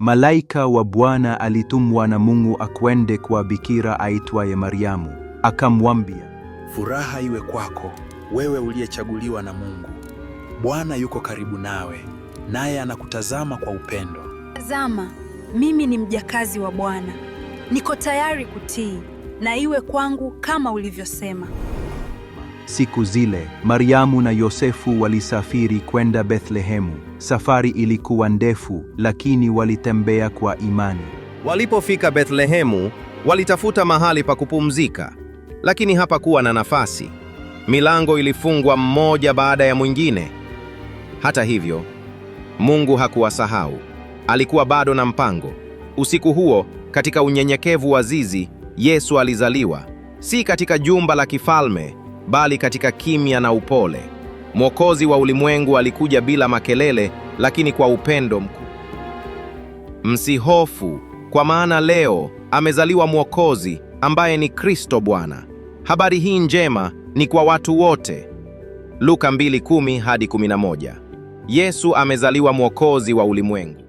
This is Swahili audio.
Malaika wa Bwana alitumwa na Mungu akwende kwa bikira aitwaye Mariamu, akamwambia, furaha iwe kwako wewe uliyechaguliwa na Mungu. Bwana yuko karibu nawe, naye anakutazama kwa upendo. Tazama, mimi ni mjakazi wa Bwana, niko tayari kutii, na iwe kwangu kama ulivyosema. Siku zile Mariamu na Yosefu walisafiri kwenda Bethlehemu. Safari ilikuwa ndefu, lakini walitembea kwa imani. Walipofika Bethlehemu, walitafuta mahali pa kupumzika, lakini hapakuwa na nafasi. Milango ilifungwa mmoja baada ya mwingine. Hata hivyo, Mungu hakuwasahau. Alikuwa bado na mpango. Usiku huo, katika unyenyekevu wa zizi, Yesu alizaliwa, si katika jumba la kifalme bali katika kimya na upole. Mwokozi wa ulimwengu alikuja bila makelele, lakini kwa upendo mkuu. Msihofu, kwa maana leo amezaliwa Mwokozi ambaye ni Kristo Bwana. Habari hii njema ni kwa watu wote. Luka 2:10 hadi 11. Yesu amezaliwa Mwokozi wa ulimwengu.